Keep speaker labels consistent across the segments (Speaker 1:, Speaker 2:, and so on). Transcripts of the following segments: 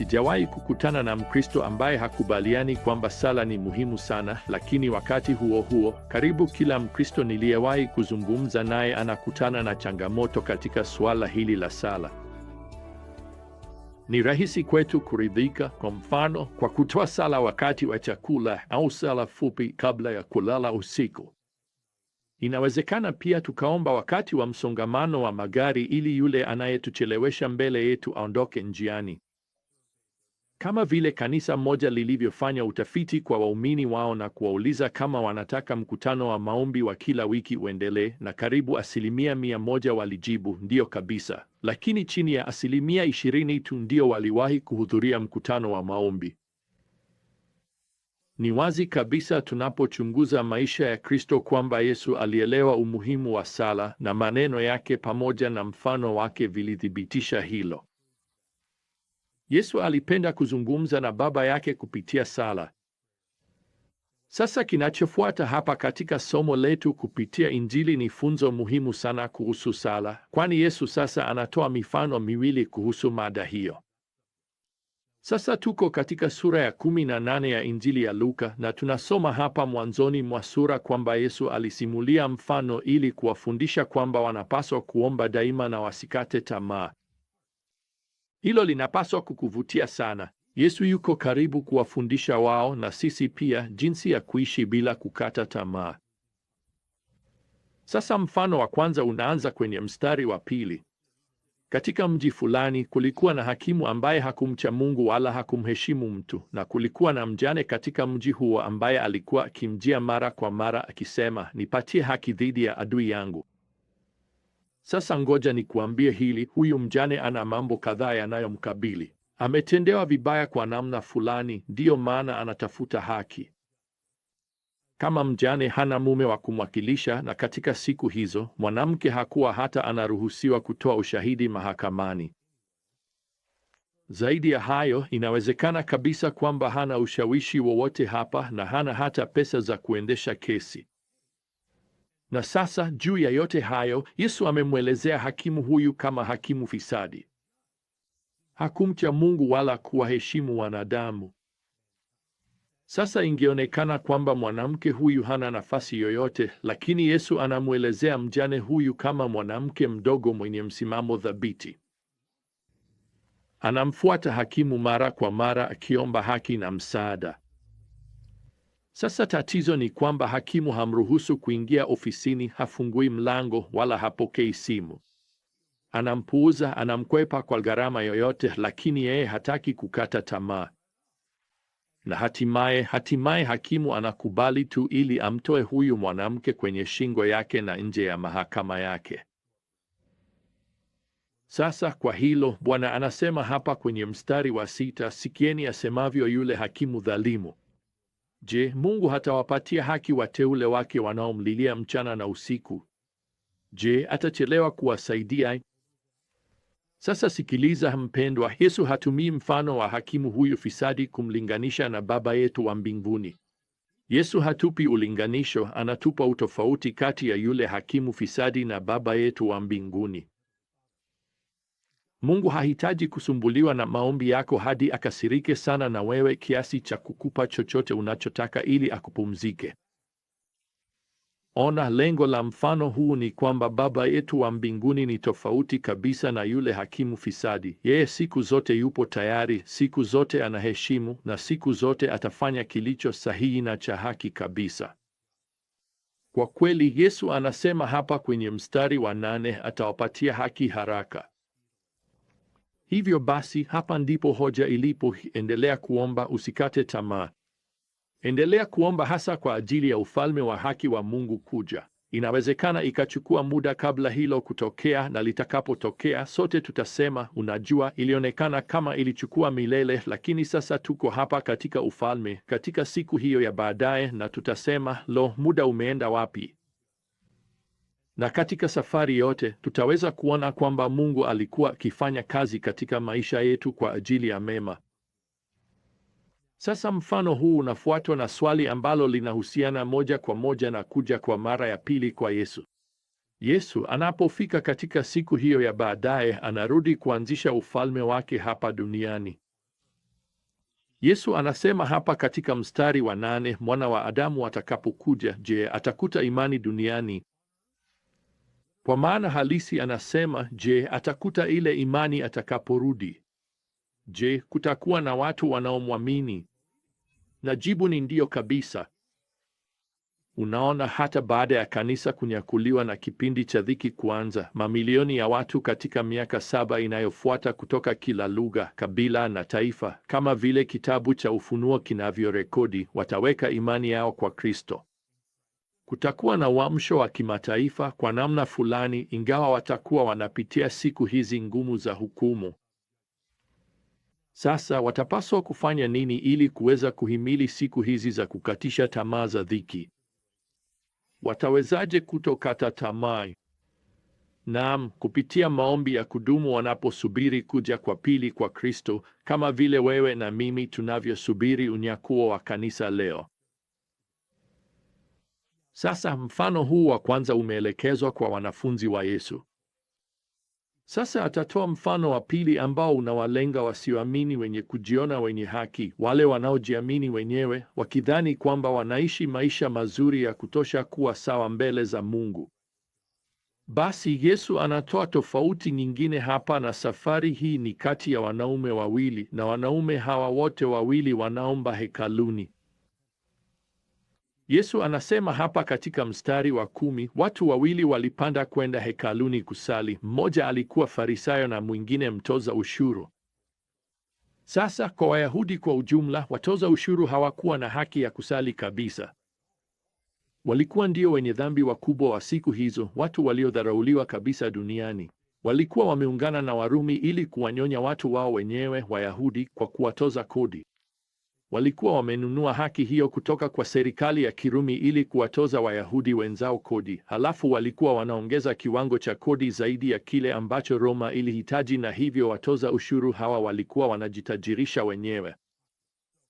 Speaker 1: Sijawahi kukutana na Mkristo ambaye hakubaliani kwamba sala ni muhimu sana, lakini wakati huo huo, karibu kila Mkristo niliyewahi kuzungumza naye anakutana na changamoto katika suala hili la sala. Ni rahisi kwetu kuridhika, kwa mfano, kwa kutoa sala wakati wa chakula au sala fupi kabla ya kulala usiku. Inawezekana pia tukaomba wakati wa msongamano wa magari ili yule anayetuchelewesha mbele yetu aondoke njiani. Kama vile kanisa moja lilivyofanya utafiti kwa waumini wao na kuwauliza kama wanataka mkutano wa maombi wa kila wiki uendelee, na karibu asilimia mia moja walijibu ndiyo kabisa, lakini chini ya asilimia ishirini tu ndio waliwahi kuhudhuria mkutano wa maombi. Ni wazi kabisa tunapochunguza maisha ya Kristo kwamba Yesu alielewa umuhimu wa sala na maneno yake pamoja na mfano wake vilithibitisha hilo. Yesu alipenda kuzungumza na Baba yake kupitia sala. Sasa kinachofuata hapa katika somo letu kupitia Injili ni funzo muhimu sana kuhusu sala, kwani Yesu sasa anatoa mifano miwili kuhusu mada hiyo. Sasa tuko katika sura ya kumi na nane ya Injili ya Luka na tunasoma hapa mwanzoni mwa sura kwamba Yesu alisimulia mfano ili kuwafundisha kwamba wanapaswa kuomba daima na wasikate tamaa. Hilo linapaswa kukuvutia sana. Yesu yuko karibu kuwafundisha wao na sisi pia jinsi ya kuishi bila kukata tamaa. Sasa mfano wa kwanza unaanza kwenye mstari wa pili. Katika mji fulani kulikuwa na hakimu ambaye hakumcha Mungu wala hakumheshimu mtu, na kulikuwa na mjane katika mji huo ambaye alikuwa akimjia mara kwa mara akisema, nipatie haki dhidi ya adui yangu. Sasa ngoja nikuambie hili, huyu mjane ana mambo kadhaa yanayomkabili. Ametendewa vibaya kwa namna fulani, ndiyo maana anatafuta haki. Kama mjane hana mume wa kumwakilisha, na katika siku hizo mwanamke hakuwa hata anaruhusiwa kutoa ushahidi mahakamani. Zaidi ya hayo, inawezekana kabisa kwamba hana ushawishi wowote hapa na hana hata pesa za kuendesha kesi. Na sasa juu ya yote hayo, Yesu amemwelezea hakimu huyu kama hakimu fisadi. Hakumcha Mungu wala kuwaheshimu wanadamu. Sasa ingeonekana kwamba mwanamke huyu hana nafasi yoyote, lakini Yesu anamwelezea mjane huyu kama mwanamke mdogo mwenye msimamo thabiti. Anamfuata hakimu mara kwa mara akiomba haki na msaada. Sasa tatizo ni kwamba hakimu hamruhusu kuingia ofisini, hafungui mlango wala hapokei simu. Anampuuza, anamkwepa kwa gharama yoyote, lakini yeye hataki kukata tamaa. Na hatimaye hatimaye hakimu anakubali tu ili amtoe huyu mwanamke kwenye shingo yake na nje ya mahakama yake. Sasa kwa hilo Bwana anasema hapa kwenye mstari wa sita, sikieni asemavyo yule hakimu dhalimu. Je, Mungu hatawapatia haki wateule wake wanaomlilia mchana na usiku? Je, atachelewa kuwasaidia? Sasa sikiliza mpendwa, Yesu hatumii mfano wa hakimu huyu fisadi kumlinganisha na Baba yetu wa mbinguni. Yesu hatupi ulinganisho, anatupa utofauti kati ya yule hakimu fisadi na Baba yetu wa mbinguni. Mungu hahitaji kusumbuliwa na maombi yako hadi akasirike sana na wewe kiasi cha kukupa chochote unachotaka ili akupumzike. Ona, lengo la mfano huu ni kwamba Baba yetu wa mbinguni ni tofauti kabisa na yule hakimu fisadi. Yeye siku zote yupo tayari, siku zote anaheshimu, na siku zote atafanya kilicho sahihi na cha haki kabisa. Kwa kweli, Yesu anasema hapa kwenye mstari wa nane, atawapatia haki haraka. Hivyo basi, hapa ndipo hoja ilipo. Endelea kuomba, usikate tamaa. Endelea kuomba hasa kwa ajili ya ufalme wa haki wa Mungu kuja. Inawezekana ikachukua muda kabla hilo kutokea, na litakapotokea sote tutasema, unajua, ilionekana kama ilichukua milele, lakini sasa tuko hapa katika ufalme, katika siku hiyo ya baadaye, na tutasema, lo, muda umeenda wapi? Na katika safari yote tutaweza kuona kwamba Mungu alikuwa akifanya kazi katika maisha yetu kwa ajili ya mema. Sasa mfano huu unafuatwa na swali ambalo linahusiana moja kwa moja na kuja kwa mara ya pili kwa Yesu. Yesu anapofika katika siku hiyo ya baadaye, anarudi kuanzisha ufalme wake hapa duniani. Yesu anasema hapa katika mstari wa nane, mwana wa Adamu atakapokuja, je, atakuta imani duniani? Kwa maana halisi anasema, je, atakuta ile imani atakaporudi? Je, kutakuwa na watu wanaomwamini? Na jibu ni ndio kabisa. Unaona, hata baada ya kanisa kunyakuliwa na kipindi cha dhiki kuanza, mamilioni ya watu katika miaka saba inayofuata kutoka kila lugha, kabila na taifa, kama vile kitabu cha Ufunuo kinavyorekodi, wataweka imani yao kwa Kristo. Kutakuwa na uamsho wa kimataifa kwa namna fulani, ingawa watakuwa wanapitia siku hizi ngumu za hukumu. Sasa watapaswa kufanya nini ili kuweza kuhimili siku hizi za kukatisha tamaa za dhiki? Watawezaje kutokata tamaa? Naam, kupitia maombi ya kudumu wanaposubiri kuja kwa pili kwa Kristo, kama vile wewe na mimi tunavyosubiri unyakuo wa kanisa leo. Sasa mfano huu wa kwanza umeelekezwa kwa wanafunzi wa Yesu. Sasa atatoa mfano wa pili ambao unawalenga wasioamini wenye kujiona wenye haki, wale wanaojiamini wenyewe, wakidhani kwamba wanaishi maisha mazuri ya kutosha kuwa sawa mbele za Mungu. Basi Yesu anatoa tofauti nyingine hapa, na safari hii ni kati ya wanaume wawili, na wanaume hawa wote wawili wanaomba hekaluni. Yesu anasema hapa katika mstari wa kumi, watu wawili walipanda kwenda hekaluni kusali, mmoja alikuwa Farisayo na mwingine mtoza ushuru. Sasa kwa Wayahudi kwa ujumla, watoza ushuru hawakuwa na haki ya kusali kabisa. Walikuwa ndio wenye dhambi wakubwa wa siku hizo, watu waliodharauliwa kabisa duniani. Walikuwa wameungana na Warumi ili kuwanyonya watu wao wenyewe Wayahudi kwa kuwatoza kodi. Walikuwa wamenunua haki hiyo kutoka kwa serikali ya Kirumi ili kuwatoza Wayahudi wenzao kodi. Halafu walikuwa wanaongeza kiwango cha kodi zaidi ya kile ambacho Roma ilihitaji, na hivyo watoza ushuru hawa walikuwa wanajitajirisha wenyewe.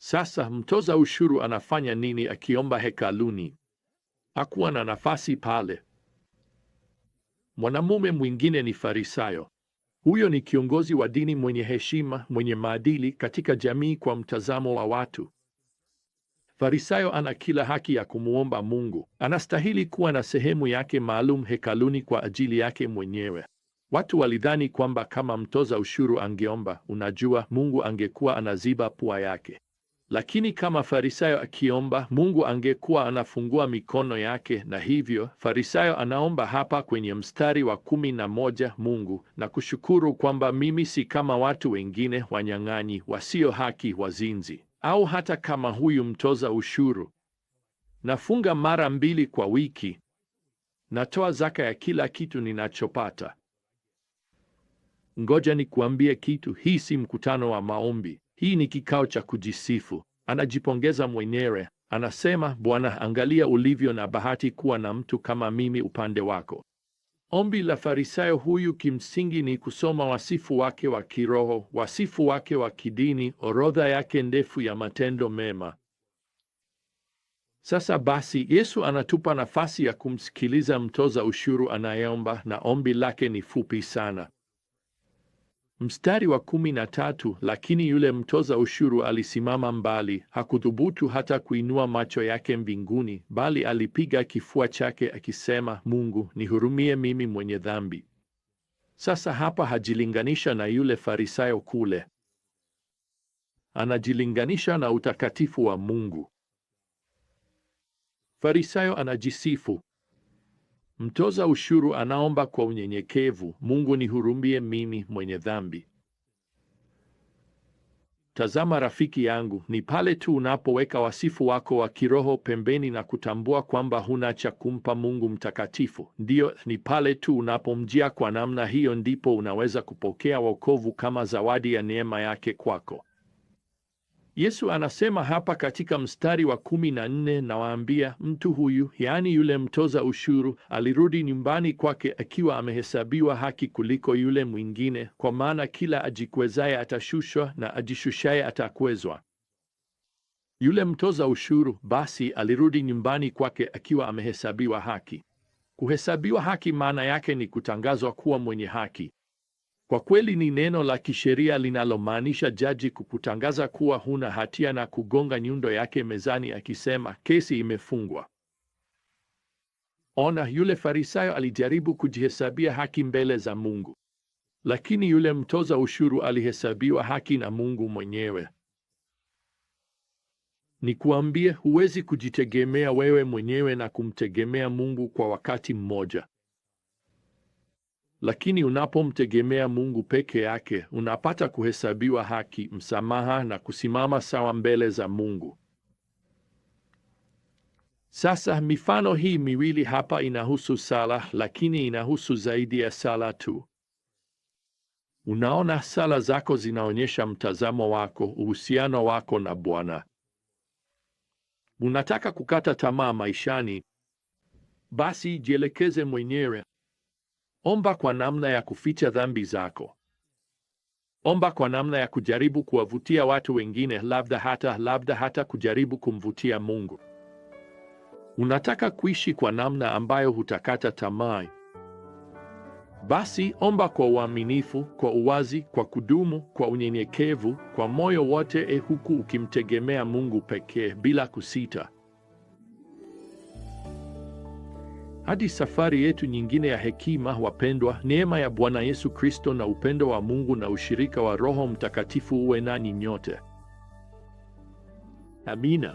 Speaker 1: Sasa mtoza ushuru anafanya nini akiomba hekaluni? Hakuwa na nafasi pale. Mwanamume mwingine ni Farisayo huyo ni kiongozi wa dini mwenye heshima, mwenye maadili katika jamii kwa mtazamo wa watu. Farisayo ana kila haki ya kumwomba Mungu. Anastahili kuwa na sehemu yake maalum hekaluni kwa ajili yake mwenyewe. Watu walidhani kwamba kama mtoza ushuru angeomba, unajua, Mungu angekuwa anaziba pua yake. Lakini kama Farisayo akiomba, Mungu angekuwa anafungua mikono yake, na hivyo Farisayo anaomba hapa kwenye mstari wa kumi na moja, Mungu na kushukuru kwamba mimi si kama watu wengine, wanyang'anyi, wasio haki, wazinzi, au hata kama huyu mtoza ushuru. Nafunga mara mbili kwa wiki, natoa zaka ya kila kitu ninachopata. Ngoja nikuambie kitu, hii si mkutano wa maombi. Hii ni kikao cha kujisifu, anajipongeza mwenyewe, anasema Bwana, angalia ulivyo na bahati kuwa na mtu kama mimi upande wako. Ombi la Farisayo huyu kimsingi ni kusoma wasifu wake wa kiroho, wasifu wake wa kidini, orodha yake ndefu ya matendo mema. Sasa basi, Yesu anatupa nafasi ya kumsikiliza mtoza ushuru anayeomba, na ombi lake ni fupi sana. Mstari wa kumi na tatu, lakini yule mtoza ushuru alisimama mbali, hakuthubutu hata kuinua macho yake mbinguni, bali alipiga kifua chake akisema, Mungu, nihurumie mimi mwenye dhambi. Sasa hapa hajilinganisha na yule Farisayo kule, anajilinganisha na utakatifu wa Mungu. Farisayo anajisifu Mtoza ushuru anaomba kwa unyenyekevu, Mungu nihurumie mimi mwenye dhambi. Tazama rafiki yangu, ni pale tu unapoweka wasifu wako wa kiroho pembeni na kutambua kwamba huna cha kumpa Mungu mtakatifu. Ndiyo, ni pale tu unapomjia kwa namna hiyo ndipo unaweza kupokea wokovu kama zawadi ya neema yake kwako. Yesu anasema hapa katika mstari wa kumi na nne, nawaambia mtu huyu, yaani yule mtoza ushuru, alirudi nyumbani kwake akiwa amehesabiwa haki kuliko yule mwingine, kwa maana kila ajikwezaye atashushwa na ajishushaye atakwezwa. Yule mtoza ushuru basi alirudi nyumbani kwake akiwa amehesabiwa haki. Kuhesabiwa haki maana yake ni kutangazwa kuwa mwenye haki. Kwa kweli ni neno la kisheria linalomaanisha jaji kukutangaza kuwa huna hatia na kugonga nyundo yake mezani akisema kesi imefungwa. Ona, yule Farisayo alijaribu kujihesabia haki mbele za Mungu, lakini yule mtoza ushuru alihesabiwa haki na Mungu mwenyewe. Nikuambie, huwezi kujitegemea wewe mwenyewe na kumtegemea Mungu kwa wakati mmoja. Lakini unapomtegemea Mungu peke yake, unapata kuhesabiwa haki, msamaha na kusimama sawa mbele za Mungu. Sasa mifano hii miwili hapa inahusu sala, lakini inahusu zaidi ya sala tu. Unaona, sala zako zinaonyesha mtazamo wako, uhusiano wako na Bwana. Unataka kukata tamaa maishani? Basi jielekeze mwenyewe Omba kwa namna ya kuficha dhambi zako. Omba kwa namna ya kujaribu kuwavutia watu wengine, labda hata labda hata kujaribu kumvutia Mungu. Unataka kuishi kwa namna ambayo hutakata tamaa? Basi omba kwa uaminifu, kwa uwazi, kwa kudumu, kwa unyenyekevu, kwa moyo wote, e, huku ukimtegemea Mungu pekee bila kusita. Hadi safari yetu nyingine ya hekima, wapendwa, neema ya Bwana Yesu Kristo na upendo wa Mungu na ushirika wa Roho Mtakatifu uwe nanyi nyote. Amina.